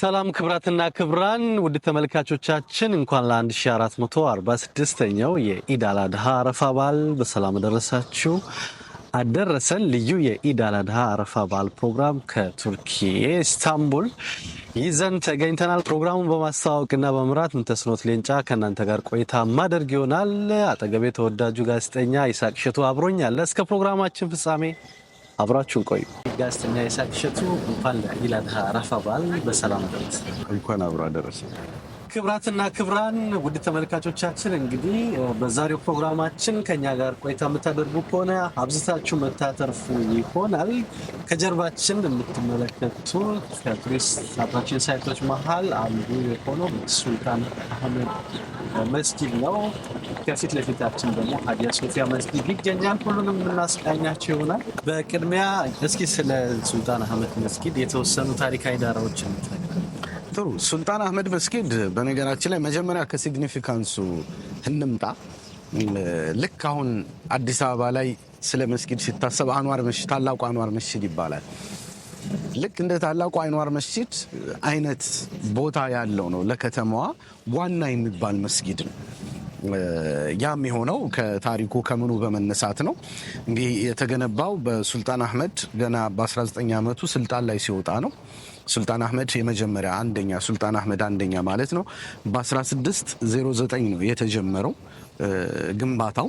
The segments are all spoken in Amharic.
ሰላም ክብራትና ክብራን ውድ ተመልካቾቻችን እንኳን ለ1446ኛው የኢድ አልአድሃ አረፋ በዓል በሰላም ደረሳችሁ አደረሰን። ልዩ የኢድ አልአድሃ አረፋ በዓል ፕሮግራም ከቱርኪ ኢስታንቡል ይዘን ተገኝተናል። ፕሮግራሙን በማስተዋወቅና በመምራት ምንተስኖት ሌንጫ ከእናንተ ጋር ቆይታ ማደርግ ይሆናል። አጠገቤ ተወዳጁ ጋዜጠኛ ይሳቅ እሸቱ አብሮኛል። እስከ ፕሮግራማችን ፍጻሜ አብራችሁን ቆዩ። ጋዜጠኛ ይስሐቅ እሸቱ እንኳን ለኢድ አል አረፋ በዓል በሰላም ደረሰ። እንኳን አብሮ አደረሰ። ክብራትና ክብራን ውድ ተመልካቾቻችን እንግዲህ በዛሬው ፕሮግራማችን ከኛ ጋር ቆይታ የምታደርጉ ከሆነ አብዝታችሁ መታተርፉ ይሆናል። ከጀርባችን የምትመለከቱ ከቱሪስት አትራክሽን ሳይቶች መሀል አንዱ የሆነው ሱልጣን አህመድ መስጊድ ነው። ከፊት ለፊታችን ደግሞ ሀዲያ ሶፊያ መስጊድ ይገኛል። ሁሉንም የምናስቃኛቸው ይሆናል። በቅድሚያ እስኪ ስለ ሱልጣን አህመድ መስጊድ የተወሰኑ ታሪካዊ ዳራዎች እንጠ ጥሩ ሱልጣን አህመድ መስጊድ በነገራችን ላይ መጀመሪያ ከሲግኒፊካንሱ እንምጣ። ልክ አሁን አዲስ አበባ ላይ ስለ መስጊድ ሲታሰብ አንዋር መስጂድ ታላቁ አንዋር መሽድ ይባላል። ልክ እንደ ታላቁ አንዋር መስጂድ አይነት ቦታ ያለው ነው። ለከተማዋ ዋና የሚባል መስጊድ ነው። ያም የሆነው ከታሪኩ ከምኑ በመነሳት ነው። እንግዲህ የተገነባው በሱልጣን አህመድ ገና በ19 ዓመቱ ስልጣን ላይ ሲወጣ ነው። ሱልጣን አህመድ የመጀመሪያ አንደኛ ሱልጣን አህመድ አንደኛ ማለት ነው። በ1609 ነው የተጀመረው ግንባታው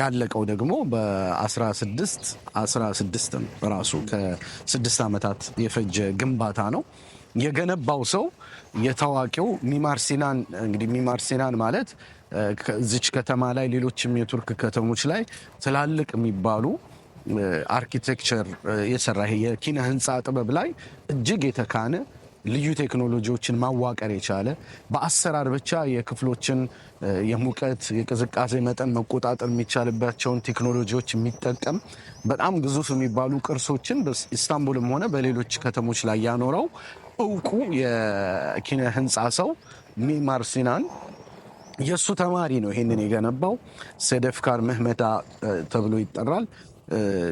ያለቀው ደግሞ በ16 1616 ነው። ራሱ ከስድስት ዓመታት የፈጀ ግንባታ ነው። የገነባው ሰው የታዋቂው ሚማር ሲናን እንግዲህ ሚማር ሲናን ማለት እዚች ከተማ ላይ ሌሎችም የቱርክ ከተሞች ላይ ትላልቅ የሚባሉ አርኪቴክቸር የሰራ ይሄ የኪነ ህንፃ ጥበብ ላይ እጅግ የተካነ ልዩ ቴክኖሎጂዎችን ማዋቀር የቻለ በአሰራር ብቻ የክፍሎችን የሙቀት የቅዝቃዜ መጠን መቆጣጠር የሚቻልባቸውን ቴክኖሎጂዎች የሚጠቀም በጣም ግዙፍ የሚባሉ ቅርሶችን በኢስታንቡልም ሆነ በሌሎች ከተሞች ላይ ያኖረው እውቁ የኪነ ህንፃ ሰው ሚማር ሲናን የእሱ ተማሪ ነው ይህንን የገነባው። ሴደፍካር መህመዳ ተብሎ ይጠራል።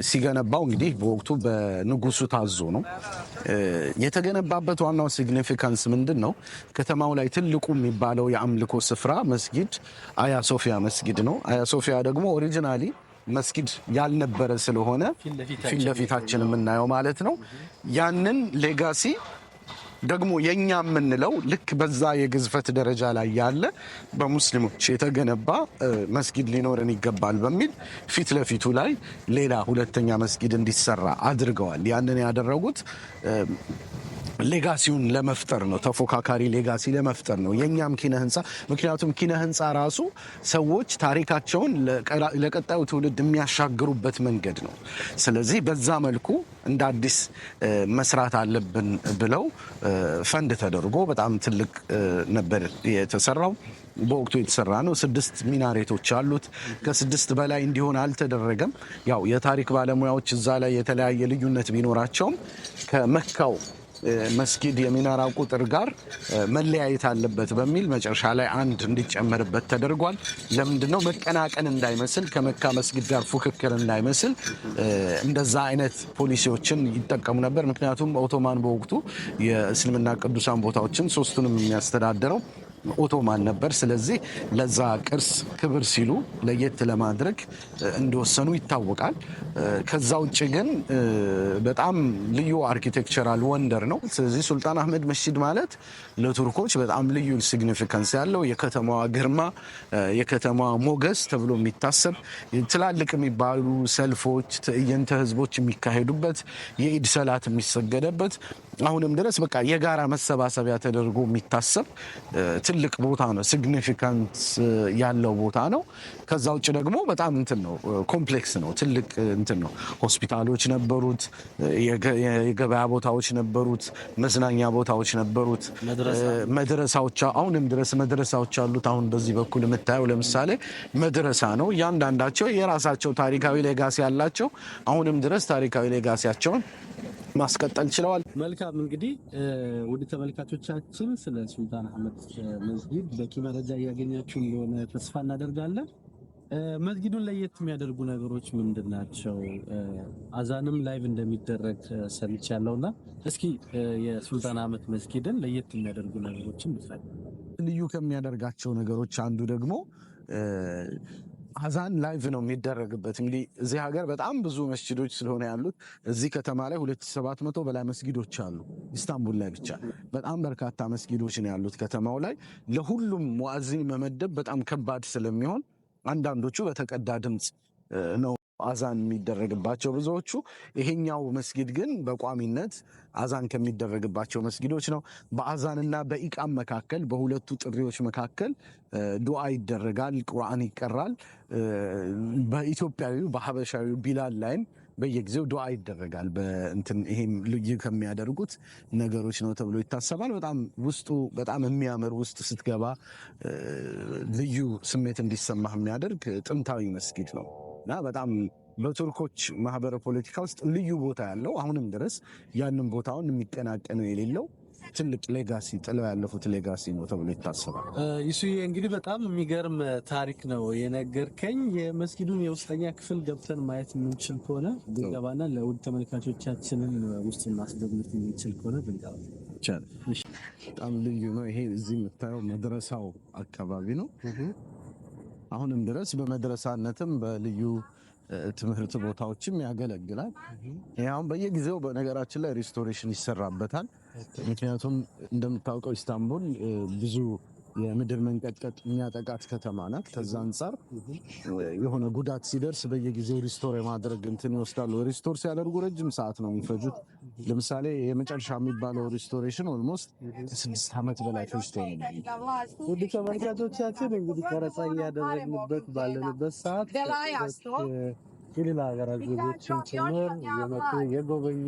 ሲገነባው እንግዲህ በወቅቱ በንጉሱ ታዞ ነው የተገነባበት። ዋናው ሲግኒፊካንስ ምንድን ነው? ከተማው ላይ ትልቁ የሚባለው የአምልኮ ስፍራ መስጊድ አያ ሶፊያ መስጊድ ነው። አያ ሶፊያ ደግሞ ኦሪጂናሊ መስጊድ ያልነበረ ስለሆነ ፊት ለፊታችን የምናየው ማለት ነው ያንን ሌጋሲ ደግሞ የእኛ የምንለው ልክ በዛ የግዝፈት ደረጃ ላይ ያለ በሙስሊሞች የተገነባ መስጊድ ሊኖረን ይገባል በሚል ፊት ለፊቱ ላይ ሌላ ሁለተኛ መስጊድ እንዲሰራ አድርገዋል። ያንን ያደረጉት ሌጋሲውን ለመፍጠር ነው። ተፎካካሪ ሌጋሲ ለመፍጠር ነው የእኛም ኪነ ህንፃ። ምክንያቱም ኪነ ህንፃ ራሱ ሰዎች ታሪካቸውን ለቀጣዩ ትውልድ የሚያሻግሩበት መንገድ ነው። ስለዚህ በዛ መልኩ እንደ አዲስ መስራት አለብን ብለው ፈንድ ተደርጎ በጣም ትልቅ ነበር የተሰራው። በወቅቱ የተሰራ ነው። ስድስት ሚናሬቶች አሉት። ከስድስት በላይ እንዲሆን አልተደረገም። ያው የታሪክ ባለሙያዎች እዛ ላይ የተለያየ ልዩነት ቢኖራቸውም ከመካው መስጊድ የሚናራ ቁጥር ጋር መለያየት አለበት በሚል መጨረሻ ላይ አንድ እንዲጨመርበት ተደርጓል። ለምንድን ነው መቀናቀን እንዳይመስል ከመካ መስጊድ ጋር ፉክክር እንዳይመስል እንደዛ አይነት ፖሊሲዎችን ይጠቀሙ ነበር። ምክንያቱም ኦቶማን በወቅቱ የእስልምና ቅዱሳን ቦታዎችን ሶስቱንም የሚያስተዳድረው ኦቶማን ነበር። ስለዚህ ለዛ ቅርስ ክብር ሲሉ ለየት ለማድረግ እንደወሰኑ ይታወቃል። ከዛ ውጭ ግን በጣም ልዩ አርኪቴክቸራል ወንደር ነው። ስለዚህ ሱልጣን አህመድ መስጂድ ማለት ለቱርኮች በጣም ልዩ ሲግኒፊካንስ ያለው የከተማዋ ግርማ፣ የከተማዋ ሞገስ ተብሎ የሚታሰብ ትላልቅ የሚባሉ ሰልፎች፣ ትዕይንተ ህዝቦች የሚካሄዱበት የኢድ ሰላት የሚሰገደበት አሁንም ድረስ በቃ የጋራ መሰባሰቢያ ተደርጎ የሚታሰብ ትልቅ ቦታ ነው። ሲግኒፊካንት uh, ያለው ቦታ ነው። ከዛ ውጭ ደግሞ በጣም እንትን ነው፣ ኮምፕሌክስ uh, ነው፣ ትልቅ uh, እንትን ነው። ሆስፒታሎች ነበሩት፣ የገበያ ቦታዎች ነበሩት፣ መዝናኛ ቦታዎች ነበሩት፣ መድረሳዎች አሁንም ድረስ መድረሳዎች አሉት። አሁን በዚህ በኩል የምታየው ለምሳሌ መድረሳ ነው። እያንዳንዳቸው የራሳቸው ታሪካዊ ሌጋሲ ያላቸው አሁንም ድረስ ታሪካዊ ሌጋሲያቸውን ማስቀጠል ችለዋል። መልካም እንግዲህ ውድ ተመልካቾቻችን ስለ ሱልጣን አህመድ መስጊድ በቂ መረጃ እያገኛችሁ እንደሆነ ተስፋ እናደርጋለን። መስጊዱን ለየት የሚያደርጉ ነገሮች ምንድን ናቸው? አዛንም ላይቭ እንደሚደረግ ሰምቻለሁና እስኪ የሱልጣን አህመድ መስጊድን ለየት የሚያደርጉ ነገሮችን ልዩ ከሚያደርጋቸው ነገሮች አንዱ ደግሞ አዛን ላይቭ ነው የሚደረግበት። እንግዲህ እዚህ ሀገር በጣም ብዙ መስጂዶች ስለሆነ ያሉት እዚህ ከተማ ላይ መቶ በላይ መስጊዶች አሉ። ኢስታንቡል ላይ ብቻ በጣም በርካታ መስጊዶች ነው ያሉት ከተማው ላይ። ለሁሉም ሙአዚን መመደብ በጣም ከባድ ስለሚሆን አንዳንዶቹ በተቀዳ ድምፅ ነው አዛን የሚደረግባቸው ብዙዎቹ። ይሄኛው መስጊድ ግን በቋሚነት አዛን ከሚደረግባቸው መስጊዶች ነው። በአዛንና በኢቃም መካከል፣ በሁለቱ ጥሪዎች መካከል ዱዓ ይደረጋል፣ ቁርአን ይቀራል። በኢትዮጵያዊው በሀበሻዊው ቢላል ላይም በየጊዜው ዱዓ ይደረጋል። በእንትን ይሄም ልዩ ከሚያደርጉት ነገሮች ነው ተብሎ ይታሰባል። በጣም ውስጡ በጣም የሚያምር ውስጥ ስትገባ ልዩ ስሜት እንዲሰማህ የሚያደርግ ጥንታዊ መስጊድ ነው። እና በጣም በቱርኮች ማህበረ ፖለቲካ ውስጥ ልዩ ቦታ ያለው አሁንም ድረስ ያንን ቦታውን የሚቀናቀነው የሌለው ትልቅ ሌጋሲ ጥለው ያለፉት ሌጋሲ ነው ተብሎ ይታሰባል። ይሱዬ እንግዲህ በጣም የሚገርም ታሪክ ነው የነገርከኝ። የመስጊዱን የውስጠኛ ክፍል ገብተን ማየት የምንችል ከሆነ ብንገባና ለውድ ተመልካቾቻችንን ውስጥ ማስደግምት የምንችል ከሆነ ብንገባ በጣም ልዩ ነው። ይሄ እዚህ የምታየው መድረሳው አካባቢ ነው። አሁንም ድረስ በመድረሳነትም በልዩ ትምህርት ቦታዎችም ያገለግላል። አሁን በየጊዜው በነገራችን ላይ ሪስቶሬሽን ይሰራበታል። ምክንያቱም እንደምታውቀው ኢስታንቡል ብዙ የምድር መንቀጥቀጥ የሚያጠቃት ከተማ ናት። ከዛ አንጻር የሆነ ጉዳት ሲደርስ በየጊዜው ሪስቶር የማድረግ እንትን ይወስዳሉ። ሪስቶር ሲያደርጉ ረጅም ሰዓት ነው የሚፈጁት። ለምሳሌ የመጨረሻ የሚባለው ሪስቶሬሽን ኦልሞስት ከስድስት ዓመት በላይ ፈጅቶ ነው። ውድ ተመልካቾቻችን እንግዲህ ቀረጻ እያደረግንበት ባለንበት ሰዓት የሌላ ሀገራት ዜጎችን ጭምር የመጡ የጎበኙ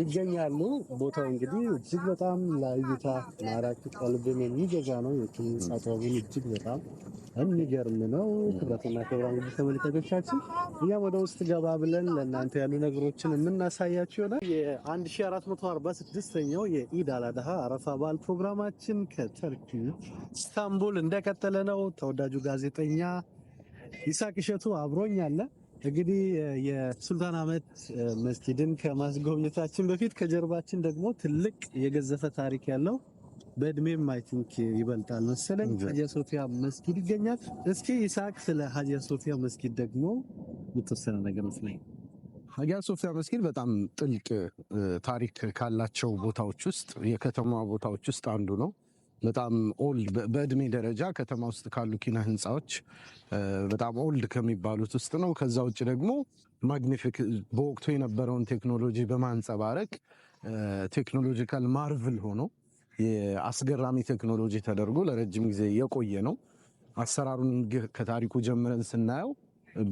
ይገኛሉ። ቦታው እንግዲህ እጅግ በጣም ለእይታ ማራኪ ቀልብን የሚገዛ ነው። የኪነ ጥበቡን እጅግ በጣም የሚገርም ነው። ክብረትና ክብራ እንግዲህ ተመልካቾቻችን፣ እኛም ወደ ውስጥ ገባ ብለን ለእናንተ ያሉ ነገሮችን የምናሳያችሁ ይሆናል። የ1446ኛው የኢድ አረፋ በዓል ፕሮግራማችን ከተርኪ ኢስታንቡል እንደቀጠለ ነው። ተወዳጁ ጋዜጠኛ ይሳቅ እሸቱ አብሮኛለ። እንግዲህ የሱልጣን አህመድ መስጂድን ከማስጎብኘታችን በፊት ከጀርባችን ደግሞ ትልቅ የገዘፈ ታሪክ ያለው በእድሜም አይ ቲንክ ይበልጣል መሰለኝ ሀጂያ ሶፊያ መስጊድ ይገኛል። እስኪ ይስሐቅ ስለ ሀጂያ ሶፊያ መስጊድ ደግሞ የተወሰነ ነገር መስለኝ። ሀጂያ ሶፊያ መስጊድ በጣም ጥልቅ ታሪክ ካላቸው ቦታዎች ውስጥ የከተማ ቦታዎች ውስጥ አንዱ ነው። በጣም ኦልድ በእድሜ ደረጃ ከተማ ውስጥ ካሉ ኪነ ህንፃዎች በጣም ኦልድ ከሚባሉት ውስጥ ነው። ከዛ ውጭ ደግሞ ማግኒፊክ በወቅቱ የነበረውን ቴክኖሎጂ በማንጸባረቅ ቴክኖሎጂካል ማርቭል ሆኖ የአስገራሚ ቴክኖሎጂ ተደርጎ ለረጅም ጊዜ የቆየ ነው። አሰራሩን ከታሪኩ ጀምረን ስናየው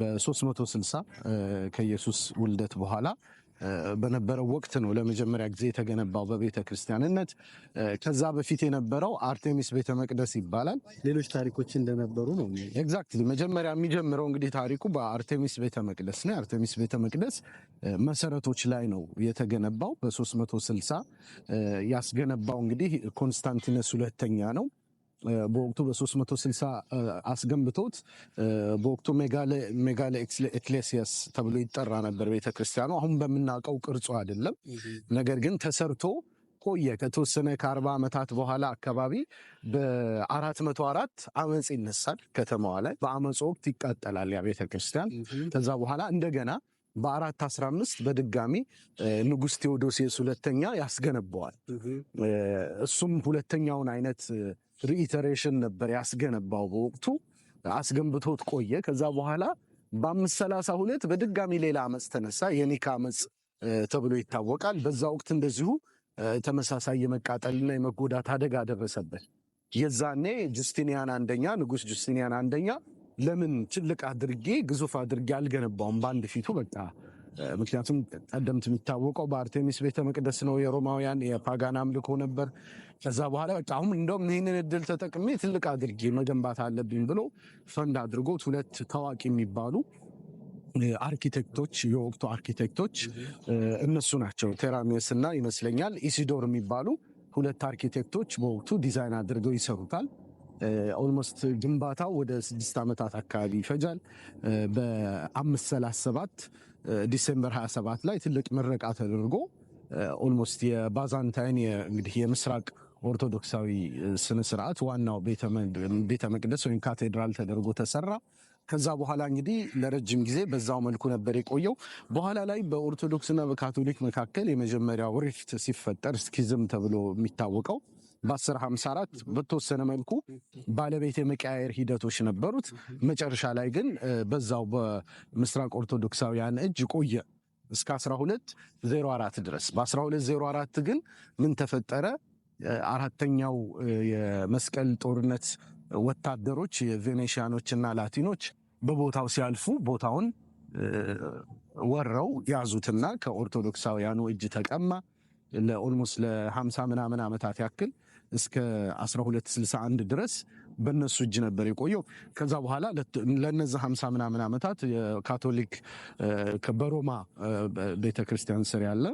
በ360 ከኢየሱስ ውልደት በኋላ በነበረው ወቅት ነው ለመጀመሪያ ጊዜ የተገነባው በቤተ ክርስቲያንነት። ከዛ በፊት የነበረው አርቴሚስ ቤተ መቅደስ ይባላል። ሌሎች ታሪኮች እንደነበሩ ነው። ኤግዛክትሊ መጀመሪያ የሚጀምረው እንግዲህ ታሪኩ በአርቴሚስ ቤተ መቅደስ ነው። የአርቴሚስ ቤተ መቅደስ መሰረቶች ላይ ነው የተገነባው። በ360 ያስገነባው እንግዲህ ኮንስታንቲነስ ሁለተኛ ነው። በወቅቱ በ360 አስገንብተውት በወቅቱ ሜጋለ ኤክሌሲያስ ተብሎ ይጠራ ነበር ቤተክርስቲያኑ። አሁን በምናውቀው ቅርጹ አይደለም። ነገር ግን ተሰርቶ ቆየ። ከተወሰነ ከአርባ ዓመታት በኋላ አካባቢ በአራት መቶ አራት አመፅ ይነሳል ከተማዋ ላይ። በአመፅ ወቅት ይቃጠላል ያ ቤተክርስቲያን። ከዛ በኋላ እንደገና በአራት አስራ አምስት በድጋሚ ንጉሥ ቴዎዶሲየስ ሁለተኛ ያስገነባዋል። እሱም ሁለተኛውን አይነት ሪኢተሬሽን ነበር ያስገነባው በወቅቱ አስገንብቶት ቆየ። ከዛ በኋላ በአምስት ሰላሳ ሁለት በድጋሚ ሌላ አመፅ ተነሳ። የኒካ አመፅ ተብሎ ይታወቃል። በዛ ወቅት እንደዚሁ ተመሳሳይ የመቃጠልና የመጎዳት አደጋ ደረሰበት። የዛኔ ጁስቲኒያን አንደኛ ንጉሥ ጁስቲኒያን አንደኛ ለምን ትልቅ አድርጌ ግዙፍ አድርጌ አልገነባውም በአንድ ፊቱ በቃ ምክንያቱም ቀደምት የሚታወቀው በአርቴሚስ ቤተ መቅደስ ነው። የሮማውያን የፓጋን አምልኮ ነበር። ከዛ በኋላ በቃ አሁን እንደውም ይህንን እድል ተጠቅሜ ትልቅ አድርጌ መገንባት አለብኝ ብሎ ፈንድ አድርጎት ሁለት ታዋቂ የሚባሉ አርኪቴክቶች የወቅቱ አርኪቴክቶች እነሱ ናቸው። ቴራሜስ እና ይመስለኛል ኢሲዶር የሚባሉ ሁለት አርኪቴክቶች በወቅቱ ዲዛይን አድርገው ይሰሩታል። ኦልሞስት ግንባታው ወደ ስድስት ዓመታት አካባቢ ይፈጃል። በአምስት ሰላሳ ሰባት ዲሴምበር 27 ላይ ትልቅ ምረቃ ተደርጎ ኦልሞስት የባዛንታይን እንግዲህ የምስራቅ ኦርቶዶክሳዊ ስነስርዓት ዋናው ቤተ መቅደስ ወይም ካቴድራል ተደርጎ ተሰራ። ከዛ በኋላ እንግዲህ ለረጅም ጊዜ በዛው መልኩ ነበር የቆየው። በኋላ ላይ በኦርቶዶክስና በካቶሊክ መካከል የመጀመሪያው ሪፍት ሲፈጠር ስኪዝም ተብሎ የሚታወቀው በ1054 በተወሰነ መልኩ ባለቤት የመቀያየር ሂደቶች ነበሩት። መጨረሻ ላይ ግን በዛው በምስራቅ ኦርቶዶክሳውያን እጅ ቆየ እስከ 1204 ድረስ። በ1204 ግን ምን ተፈጠረ? አራተኛው የመስቀል ጦርነት ወታደሮች እና ላቲኖች በቦታው ሲያልፉ ቦታውን ወረው ያዙትና ከኦርቶዶክሳውያኑ እጅ ተቀማ። ለኦልሞስት ለ50 ምናምን ዓመታት ያክል እስከ 1261 ድረስ በእነሱ እጅ ነበር የቆየው። ከዛ በኋላ ለነዚ 50 ምናምን ዓመታት የካቶሊክ በሮማ ቤተክርስቲያን ስር ያለ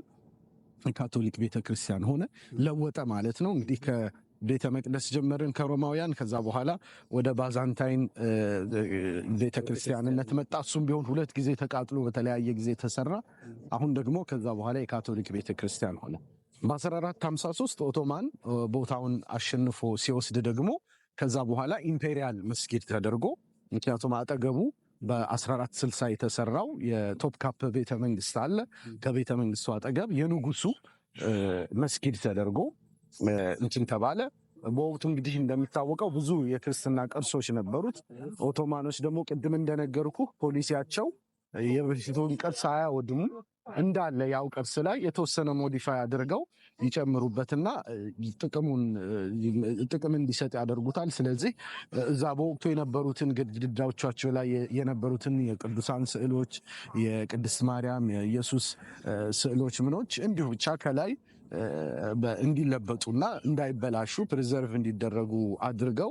ካቶሊክ ቤተክርስቲያን ሆነ ለወጠ ማለት ነው። እንግዲህ ከቤተ መቅደስ ጀመርን ከሮማውያን። ከዛ በኋላ ወደ ባዛንታይን ቤተክርስቲያንነት መጣ። እሱም ቢሆን ሁለት ጊዜ ተቃጥሎ በተለያየ ጊዜ ተሰራ። አሁን ደግሞ ከዛ በኋላ የካቶሊክ ቤተክርስቲያን ሆነ። በ1453 ኦቶማን ቦታውን አሸንፎ ሲወስድ ደግሞ ከዛ በኋላ ኢምፔሪያል መስጊድ ተደርጎ ምክንያቱም አጠገቡ በ1460 የተሰራው የቶፕ ካፕ ቤተ መንግስት አለ። ከቤተ መንግስቱ አጠገብ የንጉሱ መስጊድ ተደርጎ እንትን ተባለ። በወቅቱ እንግዲህ እንደሚታወቀው ብዙ የክርስትና ቅርሶች ነበሩት። ኦቶማኖች ደግሞ ቅድም እንደነገርኩ ፖሊሲያቸው የበፊቱን ቅርስ አያወድሙም። እንዳለ ያው ቅርስ ላይ የተወሰነ ሞዲፋይ አድርገው ይጨምሩበትና ጥቅም እንዲሰጥ ያደርጉታል። ስለዚህ እዛ በወቅቱ የነበሩትን ግድግዳዎቻቸው ላይ የነበሩትን የቅዱሳን ስዕሎች፣ የቅድስት ማርያም፣ የኢየሱስ ስዕሎች ምኖች እንዲሁ ብቻ ከላይ እንዲለበጡና እንዳይበላሹ ፕሪዘርቭ እንዲደረጉ አድርገው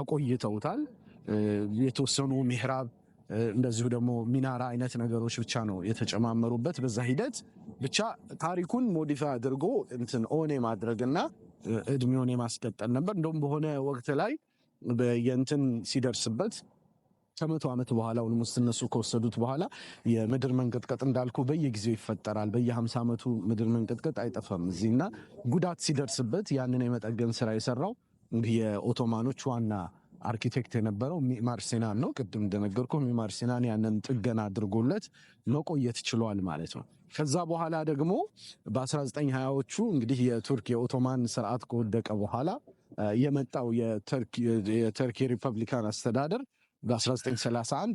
አቆይተውታል። የተወሰኑ ምሕራብ እንደዚሁ ደግሞ ሚናራ አይነት ነገሮች ብቻ ነው የተጨማመሩበት። በዛ ሂደት ብቻ ታሪኩን ሞዲፋይ አድርጎ እንትን ኦኔ ማድረግና እድሜውን የማስቀጠል ነበር። እንደውም በሆነ ወቅት ላይ የእንትን ሲደርስበት ከመቶ ዓመት በኋላ ውልሙስ እነሱ ከወሰዱት በኋላ የምድር መንቀጥቀጥ እንዳልኩ በየጊዜው ይፈጠራል። በየ50 ዓመቱ ምድር መንቀጥቀጥ አይጠፋም እዚህ እና ጉዳት ሲደርስበት ያንን የመጠገን ስራ የሰራው የኦቶማኖች ዋና አርኪቴክት የነበረው ሚዕማር ሲናን ነው። ቅድም እንደነገርኩ ሚማር ሲናን ያንን ጥገና አድርጎለት መቆየት ችሏል ማለት ነው። ከዛ በኋላ ደግሞ በ1920ዎቹ እንግዲህ የቱርክ የኦቶማን ስርዓት ከወደቀ በኋላ የመጣው የተርኪ ሪፐብሊካን አስተዳደር በ1931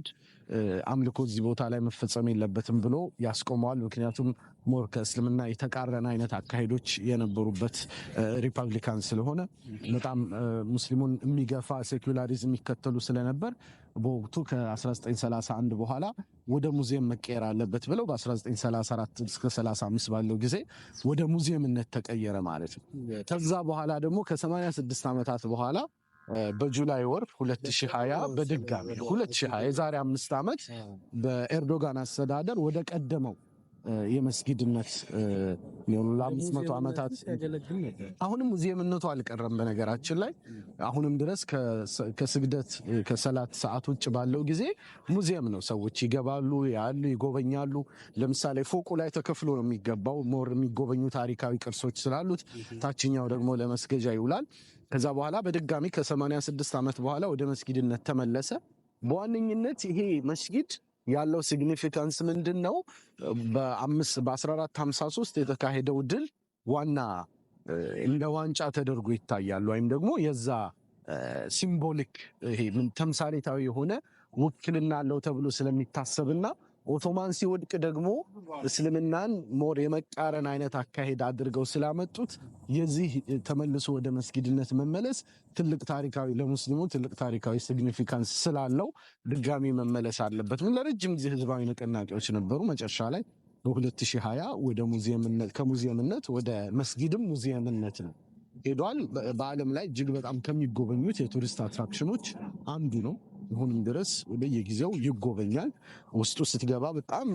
አምልኮ እዚህ ቦታ ላይ መፈጸም የለበትም ብሎ ያስቆመዋል። ምክንያቱም ሞር ከእስልምና የተቃረነ አይነት አካሄዶች የነበሩበት ሪፐብሊካን ስለሆነ በጣም ሙስሊሙን የሚገፋ ሴኩላሪዝም የሚከተሉ ስለነበር በወቅቱ ከ1931 በኋላ ወደ ሙዚየም መቀየር አለበት ብለው በ1934 እስከ 35 ባለው ጊዜ ወደ ሙዚየምነት ተቀየረ ማለት ነው። ከዛ በኋላ ደግሞ ከ86 ዓመታት በኋላ በጁላይ ወር 2020 በድጋሚ 2020 የዛሬ አምስት ዓመት በኤርዶጋን አስተዳደር ወደ ቀደመው የመስጊድነት ለአምስት መቶ ዓመታት አሁንም ሙዚየምነቱ አልቀረም። በነገራችን ላይ አሁንም ድረስ ከስግደት ከሰላት ሰዓት ውጭ ባለው ጊዜ ሙዚየም ነው። ሰዎች ይገባሉ፣ ያሉ ይጎበኛሉ። ለምሳሌ ፎቁ ላይ ተከፍሎ ነው የሚገባው። ሞር የሚጎበኙ ታሪካዊ ቅርሶች ስላሉት፣ ታችኛው ደግሞ ለመስገጃ ይውላል። ከዛ በኋላ በድጋሚ ከ86 ዓመት በኋላ ወደ መስጊድነት ተመለሰ። በዋነኝነት ይሄ መስጊድ ያለው ሲግኒፊካንስ ምንድን ነው? በ1453 የተካሄደው ድል ዋና እንደ ዋንጫ ተደርጎ ይታያል። ወይም ደግሞ የዛ ሲምቦሊክ ተምሳሌታዊ የሆነ ውክልና አለው ተብሎ ስለሚታሰብና ኦቶማን ሲወድቅ ደግሞ እስልምናን ሞር የመቃረን አይነት አካሄድ አድርገው ስላመጡት የዚህ ተመልሶ ወደ መስጊድነት መመለስ ትልቅ ታሪካዊ ለሙስሊሙ ትልቅ ታሪካዊ ሲግኒፊካንስ ስላለው ድጋሚ መመለስ አለበት። ምን ለረጅም ጊዜ ህዝባዊ ንቅናቄዎች ነበሩ። መጨረሻ ላይ በ2020 ወደ ሙዚየምነት ከሙዚየምነት ወደ መስጊድም ሙዚየምነት ነው ሄዷል። በዓለም ላይ እጅግ በጣም ከሚጎበኙት የቱሪስት አትራክሽኖች አንዱ ነው። አሁንም ድረስ በየጊዜው ይጎበኛል። ውስጡ ስትገባ በጣም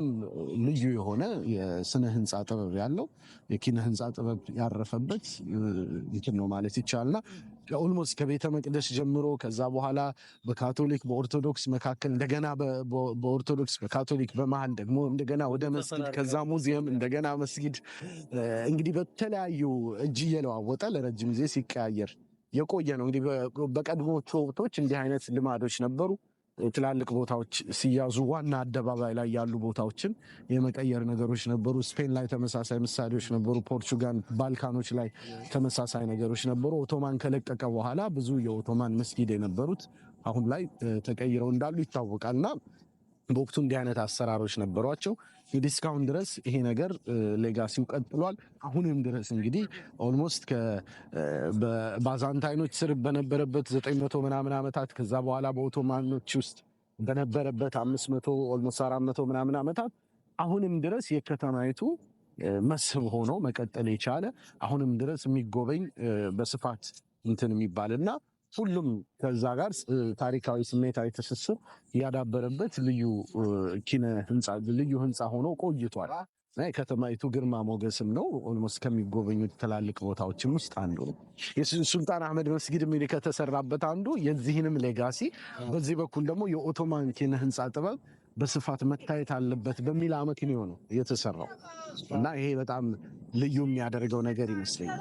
ልዩ የሆነ የስነ ህንፃ ጥበብ ያለው የኪነ ህንፃ ጥበብ ያረፈበት እንትን ነው ማለት ይቻላልና ኦልሞስት ከቤተ መቅደስ ጀምሮ ከዛ በኋላ በካቶሊክ በኦርቶዶክስ መካከል እንደገና በኦርቶዶክስ በካቶሊክ በመሀል ደግሞ እንደገና ወደ መስጊድ ከዛ ሙዚየም እንደገና መስጊድ እንግዲህ በተለያዩ እጅ እየለዋወጠ ለረጅም ጊዜ ሲቀያየር የቆየ ነው። እንግዲህ በቀድሞቹ ወቅቶች እንዲህ አይነት ልማዶች ነበሩ። ትላልቅ ቦታዎች ሲያዙ ዋና አደባባይ ላይ ያሉ ቦታዎችን የመቀየር ነገሮች ነበሩ። ስፔን ላይ ተመሳሳይ ምሳሌዎች ነበሩ። ፖርቹጋል፣ ባልካኖች ላይ ተመሳሳይ ነገሮች ነበሩ። ኦቶማን ከለቀቀ በኋላ ብዙ የኦቶማን መስጊድ የነበሩት አሁን ላይ ተቀይረው እንዳሉ ይታወቃል እና በወቅቱ እንዲህ አይነት አሰራሮች ነበሯቸው። እንግዲህ እስካሁን ድረስ ይሄ ነገር ሌጋሲው ቀጥሏል። አሁንም ድረስ እንግዲህ ኦልሞስት ባዛንታይኖች ስር በነበረበት ዘጠኝ መቶ ምናምን ዓመታት ከዛ በኋላ በኦቶማኖች ውስጥ በነበረበት አምስት መቶ ኦልሞስት አራት መቶ ምናምን ዓመታት አሁንም ድረስ የከተማይቱ መስህብ ሆኖ መቀጠል የቻለ አሁንም ድረስ የሚጎበኝ በስፋት እንትን የሚባልና ሁሉም ከዛ ጋር ታሪካዊ ስሜታዊ ትስስር ያዳበረበት ልዩ ኪነ ህንፃ ልዩ ህንፃ ሆኖ ቆይቷል። የከተማይቱ ግርማ ሞገስም ነው። ኦልሞስት ከሚጎበኙት ትላልቅ ቦታዎችም ውስጥ አንዱ ነው። የሱልጣን አህመድ መስጊድ ሚል ከተሰራበት አንዱ የዚህንም ሌጋሲ በዚህ በኩል ደግሞ የኦቶማን ኪነ ህንፃ ጥበብ በስፋት መታየት አለበት በሚል አመክንዮ ነው እየተሰራው እና ይሄ በጣም ልዩ የሚያደርገው ነገር ይመስለኛል።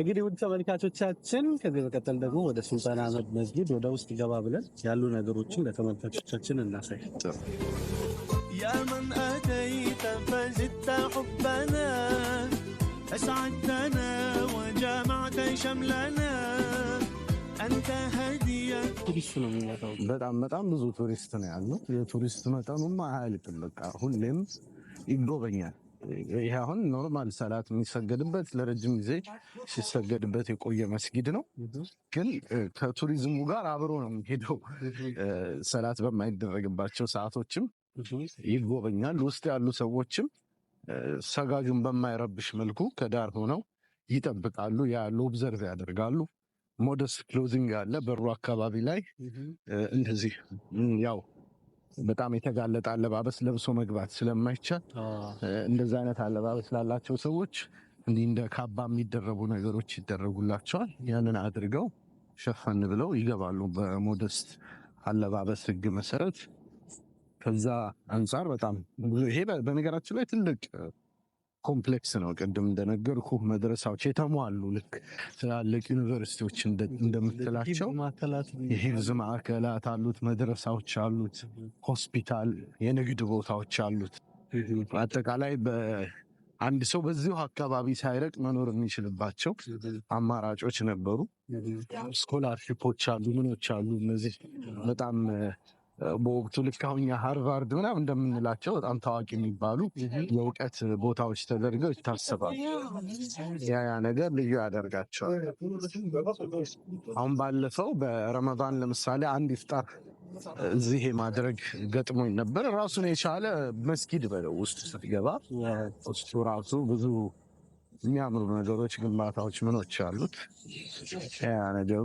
እንግዲህ ውድ ተመልካቾቻችን ከዚህ በቀጠል ደግሞ ወደ ሱልጣን አህመድ መስጊድ ወደ ውስጥ ገባ ብለን ያሉ ነገሮችን ለተመልካቾቻችን እናሳይ። ያ ቱሪስት ነው የሚመጣው። በጣም በጣም ብዙ ቱሪስት ነው ያለው። የቱሪስት መጠኑም አያልቅም። በቃ ሁሌም ይጎበኛል። ይሄ አሁን ኖርማል ሰላት የሚሰገድበት ለረጅም ጊዜ ሲሰገድበት የቆየ መስጊድ ነው፣ ግን ከቱሪዝሙ ጋር አብሮ ነው የሚሄደው። ሰላት በማይደረግባቸው ሰዓቶችም ይጎበኛል። ውስጥ ያሉ ሰዎችም ሰጋጁን በማይረብሽ መልኩ ከዳር ሆነው ይጠብቃሉ፣ ያሉ ኦብዘርቭ ያደርጋሉ። ሞደስ ክሎዚንግ አለ በሩ አካባቢ ላይ እንደዚህ ያው በጣም የተጋለጠ አለባበስ ለብሶ መግባት ስለማይቻል እንደዚ አይነት አለባበስ ላላቸው ሰዎች እንዲህ እንደ ካባ የሚደረቡ ነገሮች ይደረጉላቸዋል። ያንን አድርገው ሸፈን ብለው ይገባሉ በሞደስት አለባበስ ሕግ መሰረት። ከዛ አንጻር በጣም ይሄ በነገራችን ላይ ትልቅ ኮምፕሌክስ ነው። ቅድም እንደነገርኩ መድረሳዎች የተሟሉ ልክ ትላልቅ ዩኒቨርሲቲዎች እንደምትላቸው የሂፍዝ ማዕከላት አሉት፣ መድረሳዎች አሉት፣ ሆስፒታል፣ የንግድ ቦታዎች አሉት። አጠቃላይ አንድ ሰው በዚሁ አካባቢ ሳይረቅ መኖር የሚችልባቸው አማራጮች ነበሩ። ስኮላርሽፖች አሉ፣ ምኖች አሉ። እነዚህ በጣም በወቅቱ ልክ አሁን ሃርቫርድ ምናምን እንደምንላቸው በጣም ታዋቂ የሚባሉ የእውቀት ቦታዎች ተደርገው ይታሰባሉ። ያ ያ ነገር ልዩ ያደርጋቸዋል። አሁን ባለፈው በረመዳን ለምሳሌ አንድ ይፍጣር እዚህ ማድረግ ገጥሞኝ ነበር። ራሱን የቻለ መስጊድ በለው ውስጥ ስትገባ ውስጡ ራሱ ብዙ የሚያምሩ ነገሮች ግንባታዎች፣ ምኖች አሉት ያ ነገሩ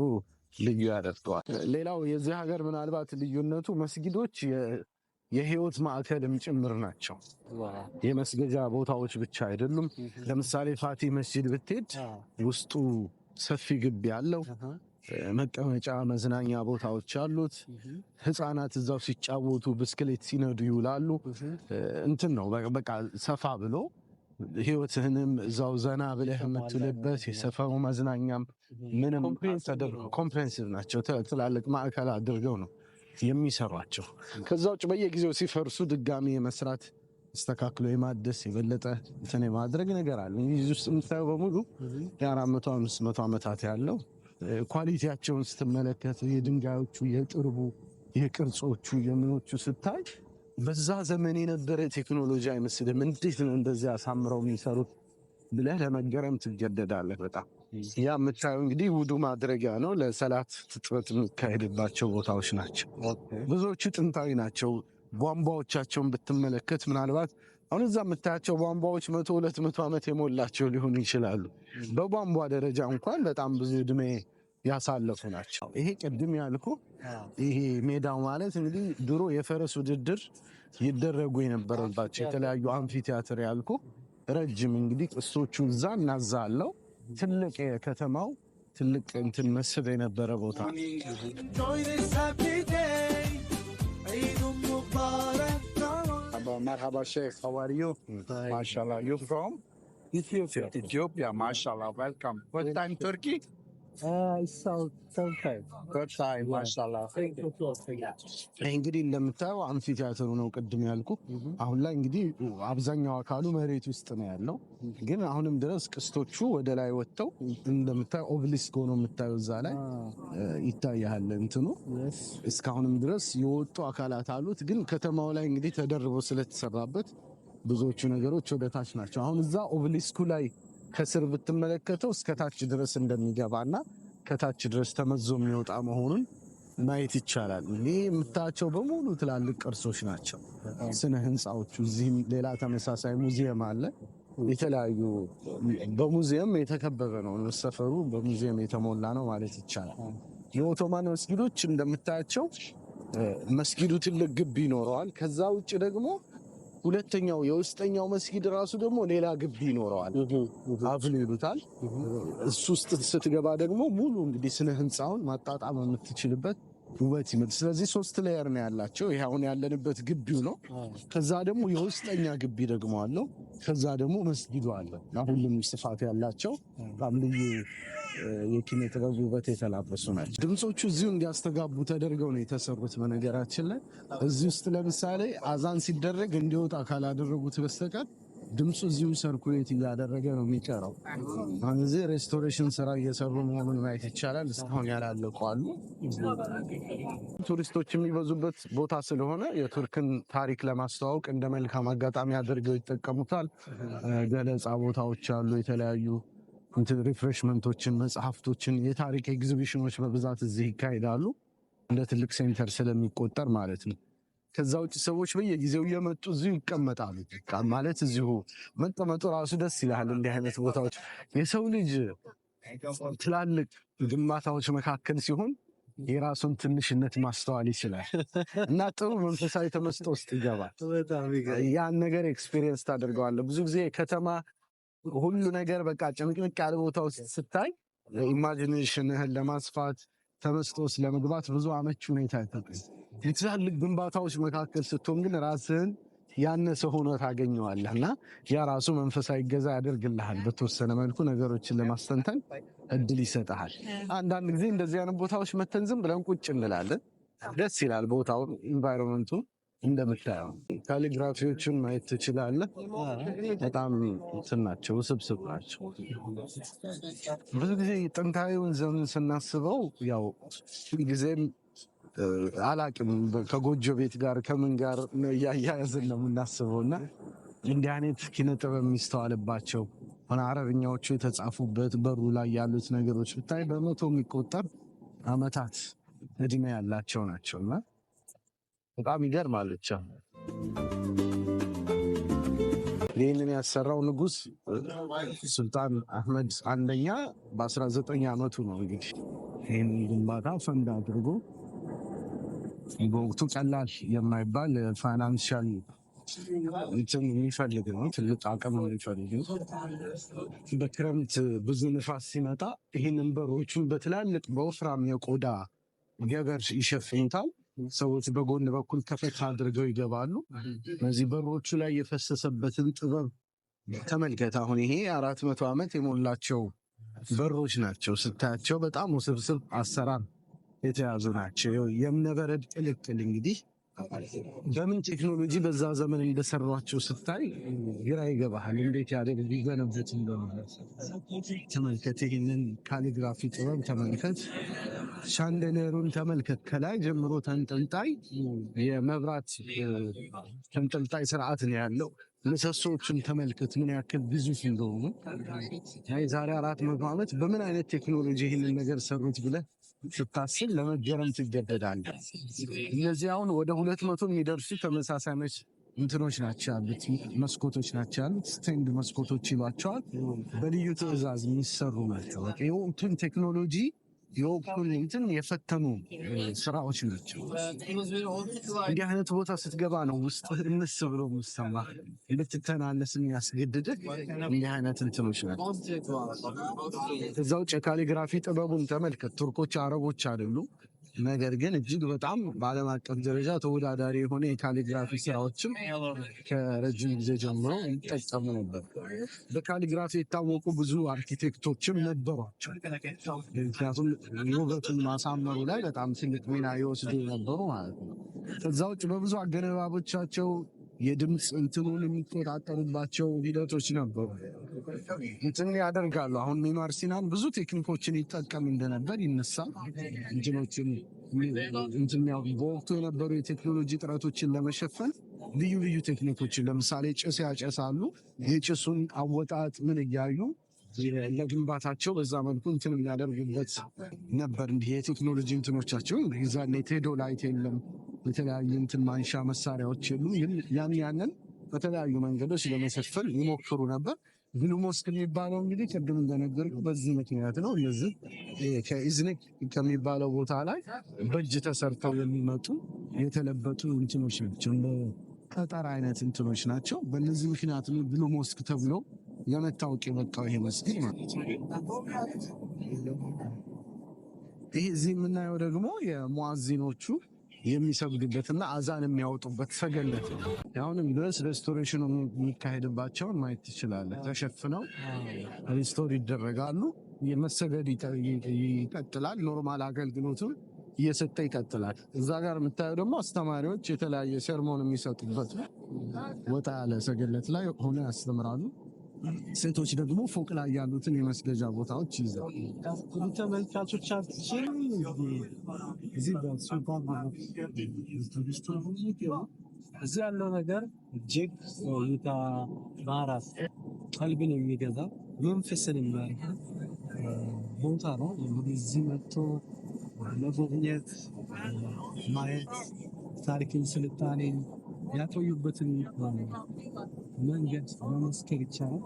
ልዩ ያደርገዋል። ሌላው የዚህ ሀገር ምናልባት ልዩነቱ መስጊዶች የህይወት ማዕከልም ጭምር ናቸው። የመስገጃ ቦታዎች ብቻ አይደሉም። ለምሳሌ ፋቲ መስጂድ ብትሄድ ውስጡ ሰፊ ግቢ ያለው መቀመጫ፣ መዝናኛ ቦታዎች አሉት። ህፃናት እዛው ሲጫወቱ ብስክሌት ሲነዱ ይውላሉ። እንትን ነው በቃ ሰፋ ብሎ ህይወትህንም እዛው ዘና ብለህ የምትልበት የሰፈሩ መዝናኛም ምንም ተደርጎ ኮምፕሬንሲቭ ናቸው። ትላልቅ ማዕከል አድርገው ነው የሚሰሯቸው። ከዛ ውጭ በየጊዜው ሲፈርሱ ድጋሚ የመስራት አስተካክሎ የማደስ የበለጠ እንትን የማድረግ ነገር አለ። እንግሊዝ ውስጥ የምታየው በሙሉ የአራት መቶ አምስት መቶ ዓመታት ያለው ኳሊቲያቸውን ስትመለከት የድንጋዮቹ የጥርቡ፣ የቅርጾቹ የምኖቹ ስታይ በዛ ዘመን የነበረ ቴክኖሎጂ አይመስልም። እንዴት ነው እንደዚህ አሳምረው የሚሰሩት ብለህ ለመገረም ትገደዳለህ። በጣም ያ የምታየው እንግዲህ ውዱ ማድረጊያ ነው። ለሰላት ትጥበት የሚካሄድባቸው ቦታዎች ናቸው። ብዙዎቹ ጥንታዊ ናቸው። ቧንቧዎቻቸውን ብትመለከት ምናልባት አሁን እዛ የምታያቸው ቧንቧዎች መቶ ሁለት መቶ ዓመት የሞላቸው ሊሆኑ ይችላሉ። በቧንቧ ደረጃ እንኳን በጣም ብዙ ዕድሜ ያሳለፉ ናቸው። ይሄ ቅድም ያልኩ ይሄ ሜዳው ማለት እንግዲህ ድሮ የፈረስ ውድድር ይደረጉ የነበረባቸው የተለያዩ አምፊ ቲያትር ያልኩ ረጅም እንግዲህ ቅስቶቹ እዛ እናዛ አለው። ትልቅ ከተማው ትልቅ እንትን መስህብ የነበረ ቦታ መርሃባ ሼክ ሀዋሪዮ ማሻላ ዩ ፍሮም ኢትዮጵያ ማሻላ ዌልካም ወታይም ቱርኪ እንግዲህ እንደምታየው አምፊቲያትሩ ነው ቅድም ያልኩ። አሁን ላይ እንግዲህ አብዛኛው አካሉ መሬት ውስጥ ነው ያለው፣ ግን አሁንም ድረስ ቅስቶቹ ወደ ላይ ወጥተው እንደምታየው ኦብሊስክ ሆኖ የምታየው እዛ ላይ ይታያል። እንትኑ እስካሁንም ድረስ የወጡ አካላት አሉት፣ ግን ከተማው ላይ እንግዲህ ተደርቦ ስለተሰራበት ብዙዎቹ ነገሮች ወደ ታች ናቸው። አሁን እዛ ኦብሊስኩ ላይ ከስር ብትመለከተው እስከታች ድረስ እንደሚገባና ከታች ድረስ ተመዞ የሚወጣ መሆኑን ማየት ይቻላል። ይህ የምታያቸው በሙሉ ትላልቅ ቅርሶች ናቸው፣ ስነ ህንፃዎቹ። እዚህም ሌላ ተመሳሳይ ሙዚየም አለ። የተለያዩ በሙዚየም የተከበበ ነው ሰፈሩ፣ በሙዚየም የተሞላ ነው ማለት ይቻላል። የኦቶማን መስጊዶች እንደምታያቸው መስጊዱ ትልቅ ግቢ ይኖረዋል። ከዛ ውጭ ደግሞ ሁለተኛው የውስጠኛው መስጊድ ራሱ ደግሞ ሌላ ግቢ ይኖረዋል። አፍሉ ይሉታል። እሱ ውስጥ ስትገባ ደግሞ ሙሉ እንግዲህ ስነ ህንፃውን ማጣጣም የምትችልበት ውበት ይመል። ስለዚህ ሶስት ሌየር ነው ያላቸው። ይሄ አሁን ያለንበት ግቢው ነው። ከዛ ደግሞ የውስጠኛ ግቢ ደግሞ አለው። ከዛ ደግሞ መስጊዱ አለ። ሁሉም ስፋት ያላቸው በጣም ልዩ የኪነ ጥበብ ውበት የተላበሱ ናቸው። ድምፆቹ እዚሁ እንዲያስተጋቡ ተደርገው ነው የተሰሩት። በነገራችን ላይ እዚህ ውስጥ ለምሳሌ አዛን ሲደረግ እንዲወጣ ካላደረጉት በስተቀር ድምፁ እዚሁ ሰርኩሌት እያደረገ ነው የሚቀረው። እዚህ ሬስቶሬሽን ስራ እየሰሩ መሆኑን ማየት ይቻላል። እስካሁን ያላለቁ አሉ። ቱሪስቶች የሚበዙበት ቦታ ስለሆነ የቱርክን ታሪክ ለማስተዋወቅ እንደ መልካም አጋጣሚ አድርገው ይጠቀሙታል። ገለጻ ቦታዎች አሉ የተለያዩ ሪፍሬሽመንቶችን፣ መጽሐፍቶችን፣ የታሪክ ኤግዚቢሽኖች በብዛት እዚህ ይካሄዳሉ። እንደ ትልቅ ሴንተር ስለሚቆጠር ማለት ነው። ከዛ ውጭ ሰዎች በየጊዜው እየመጡ እዚሁ ይቀመጣሉ። ማለት እዚሁ መቀመጡ ራሱ ደስ ይላል። እንዲህ አይነት ቦታዎች የሰው ልጅ ትላልቅ ግንባታዎች መካከል ሲሆን የራሱን ትንሽነት ማስተዋል ይችላል እና ጥሩ መንፈሳዊ ተመስጦ ውስጥ ይገባል። ያን ነገር ኤክስፒሪየንስ ታደርገዋለህ። ብዙ ጊዜ ከተማ ሁሉ ነገር በቃ ጭንቅንቅ ያለ ቦታ ውስጥ ስታይ ኢማጂኔሽንህን ለማስፋት ተመስጦ ለመግባት ብዙ አመች ሁኔታ ይፈጥራል። የትላልቅ ግንባታዎች መካከል ስትሆን ግን ራስህን ያነሰ ሆኖ ታገኘዋለህ እና ያ ራሱ መንፈሳዊ ገዛ ያደርግልሃል። በተወሰነ መልኩ ነገሮችን ለማስተንተን እድል ይሰጠሃል። አንዳንድ ጊዜ እንደዚህ አይነት ቦታዎች መተን ዝም ብለን ቁጭ እንላለን። ደስ ይላል ቦታው፣ ኢንቫይሮንመንቱ እንደምታየው ካሊግራፊዎችን ማየት ትችላለህ። በጣም እንትን ናቸው፣ ውስብስብ ናቸው። ብዙ ጊዜ ጥንታዊውን ዘመን ስናስበው ያው ጊዜም አላቅም ከጎጆ ቤት ጋር ከምን ጋር እያያያዝን ነው የምናስበው እና እንዲህ አይነት ኪነጥበብ የሚስተዋልባቸው ሆነ አረብኛዎቹ የተጻፉበት በሩ ላይ ያሉት ነገሮች ብታይ በመቶ የሚቆጠር አመታት እድሜ ያላቸው ናቸው እና በጣም ይገርማል ብቻ ይህንን ያሰራው ንጉስ ሱልጣን አህመድ አንደኛ በ19 ዓመቱ ነው እንግዲህ ይህን ግንባታ ፈንድ አድርጎ በወቅቱ ቀላል የማይባል ፋይናንሻል እንትን የሚፈልግ ነው። ትልቅ አቅም የሚፈልግ ነው። በክረምት ብዙ ንፋስ ሲመጣ ይህንን በሮቹን በትላልቅ በወፍራም የቆዳ ገበር ይሸፍኝታል። ሰዎች በጎን በኩል ከፈት አድርገው ይገባሉ። እነዚህ በሮቹ ላይ የፈሰሰበትን ጥበብ ተመልከት። አሁን ይሄ አራት መቶ ዓመት የሞላቸው በሮች ናቸው። ስታያቸው በጣም ውስብስብ አሰራር የተያዙ ናቸው። የእብነበረድ ቅልቅል እንግዲህ በምን ቴክኖሎጂ በዛ ዘመን እንደሰሯቸው ስታይ ግራ ይገባሃል። እንዴት ያደ ሊገነቡት እንደሆነ ተመልከት። ይህንን ካሊግራፊ ጥበብ ተመልከት። ሻንደሌሩን ተመልከት። ከላይ ጀምሮ ተንጠልጣይ የመብራት ተንጠልጣይ ስርዓት ነው ያለው። ምሰሶዎቹን ተመልከት ምን ያክል ግዙፍ እንደሆኑ። የዛሬ አራት መቶ ዓመት በምን አይነት ቴክኖሎጂ ይህንን ነገር ሰሩት ብለህ ስታስል ለመገረም ትገደዳለ። እነዚህ አሁን ወደ ሁለት መቶ የሚደርሱ ተመሳሳይ እንትኖች ናቸው ያሉት፣ መስኮቶች ናቸው ያሉት። ስቴንድ መስኮቶች ይሏቸዋል። በልዩ ትዕዛዝ የሚሰሩ ናቸው። ይኸው ቴክኖሎጂ የወቅቱን እንትን የፈተኑ ስራዎች ናቸው። እንዲህ አይነት ቦታ ስትገባ ነው ውስጥ እንስ ብሎ ምሰማ እንድትተናነስ የሚያስገድድ እንዲህ አይነት እንትኖች ናቸው። እዛ ውጭ የካሊግራፊ ጥበቡን ተመልከት። ቱርኮች አረቦች አይደሉ። ነገር ግን እጅግ በጣም በዓለም አቀፍ ደረጃ ተወዳዳሪ የሆነ የካሊግራፊ ስራዎችም ከረጅም ጊዜ ጀምሮ ይጠቀሙ ነበር። በካሊግራፊ የታወቁ ብዙ አርኪቴክቶችም ነበሯቸው። ምክንያቱም ውበቱን ማሳመሩ ላይ በጣም ትልቅ ሚና የወስዱ ነበሩ ማለት ነው። ከዛ ውጭ በብዙ አገነባቦቻቸው የድምፅ እንትኑን የሚቆጣጠሩባቸው ሂደቶች ነበሩ። እንትን ያደርጋሉ። አሁን ሜማር ሲናን ብዙ ቴክኒኮችን ይጠቀም እንደነበር ይነሳል። እንጂኖችን በወቅቱ የነበሩ የቴክኖሎጂ ጥረቶችን ለመሸፈን ልዩ ልዩ ቴክኒኮችን ለምሳሌ ጭስ ያጨሳሉ። የጭሱን አወጣጥ ምን እያዩ ለግንባታቸው በዛ መልኩ እንትን የሚያደርጉበት ነበር። እንዲህ የቴክኖሎጂ እንትኖቻቸው ዛ ቴዶ ላይት የለም፣ የተለያዩ እንትን ማንሻ መሳሪያዎች የሉ። ያን ያንን በተለያዩ መንገዶች ለመሰፈል ይሞክሩ ነበር። ግሉሞስክ የሚባለው እንግዲህ ቅድም እንደነገርኩ በዚህ ምክንያት ነው። እነዚህ ከኢዝኒክ ከሚባለው ቦታ ላይ በእጅ ተሰርተው የሚመጡ የተለበጡ እንትኖች ናቸው። ጠጠር አይነት እንትኖች ናቸው። በእነዚህ ምክንያት ነው ግሉሞስክ ተብሎ የመታወቅ የመጣው ይሄ መስጊድ ማለት ይሄ እዚህ የምናየው ደግሞ የሙአዚኖቹ የሚሰግዱበትና አዛን የሚያወጡበት ሰገነት። አሁንም ድረስ ሬስቶሬሽኑ የሚካሄድባቸውን ማየት ትችላለህ። ተሸፍነው ሪስቶር ይደረጋሉ። መሰገድ ይቀጥላል። ኖርማል አገልግሎቱም እየሰጠ ይቀጥላል። እዛ ጋር የምታየው ደግሞ አስተማሪዎች የተለያየ ሴርሞን የሚሰጡበት ወጣ ያለ ሰገነት ላይ ሆነ ያስተምራሉ። ሴቶች ደግሞ ፎቅ ላይ ያሉትን የመስገጃ ቦታዎች ይዘዋል። ተመልካቾቻችን እዚህ ያለው ነገር እጅግ ሁኔታ ማራት ቀልብን የሚገዛ መንፈስን የሚያርካ ቦታ ነው። እንግዲህ እዚህ መጥቶ መጎብኘት፣ ማየት ታሪክን፣ ስልጣኔን ያቆዩበትን መንገድ መመስከር ይቻላል።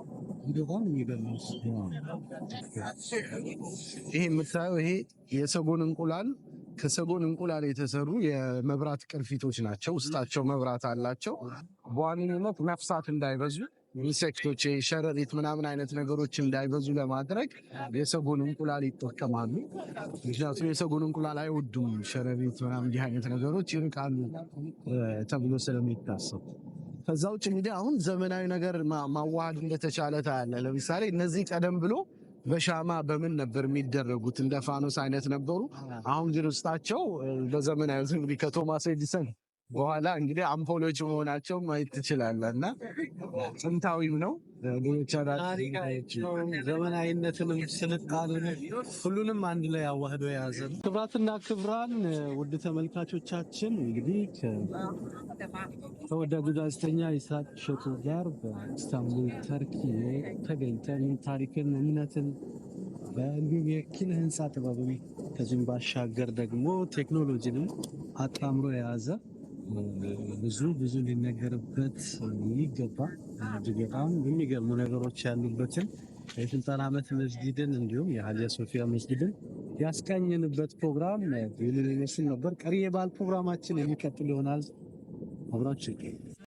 በጣም የሚበሉት ይሄ የምታየው ይሄ የሰጎን እንቁላል ከሰጎን እንቁላል የተሰሩ የመብራት ቅርፊቶች ናቸው። ውስጣቸው መብራት አላቸው። በዋነኝነት ነፍሳት እንዳይበዙ ኢንሴክቶች፣ ሸረሪት ምናምን አይነት ነገሮች እንዳይበዙ ለማድረግ የሰጎን እንቁላል ይጠቀማሉ። ምክንያቱም የሰጎን እንቁላል አይወዱም ሸረሪት ምናምን እንዲህ አይነት ነገሮች ይርቃሉ ተብሎ ስለሚታሰብ ከዛ ውጭ እንግዲህ አሁን ዘመናዊ ነገር ማዋሃድ እንደተቻለ ታያለ። ለምሳሌ እነዚህ ቀደም ብሎ በሻማ በምን ነበር የሚደረጉት? እንደ ፋኖስ አይነት ነበሩ። አሁን ግን ውስጣቸው በዘመናዊ እንግዲህ ከቶማስ ኤዲሰን በኋላ እንግዲህ አምፖሎች መሆናቸው ማየት ትችላለ እና ጥንታዊም ነው ዘመናዊነትንም ስልጣን ሁሉንም አንድ ላይ አዋህዶ የያዘ ነው። ክብራትና ክብራን ውድ ተመልካቾቻችን እንግዲህ ተወዳጁ ጋዜጠኛ ይስሐቅ እሸቱ ጋር በኢስታንቡል ተርኪ ተገኝተን ታሪክን፣ እምነትን እንዲሁም የኪነ ህንፃ ጥበብን ከዚህም ባሻገር ደግሞ ቴክኖሎጂንም አጣምሮ የያዘ ብዙ ብዙ ሊነገርበት የሚገባ እጅግ በጣም የሚገርሙ ነገሮች ያሉበትን የስልጣን ዓመት መስጊድን እንዲሁም የሀጂያ ሶፊያ መስጊድን ያስቃኘንበት ፕሮግራም ይህንን ይመስል ነበር። ቀሪ የበዓል ፕሮግራማችን የሚቀጥል ይሆናል። አብራችሁ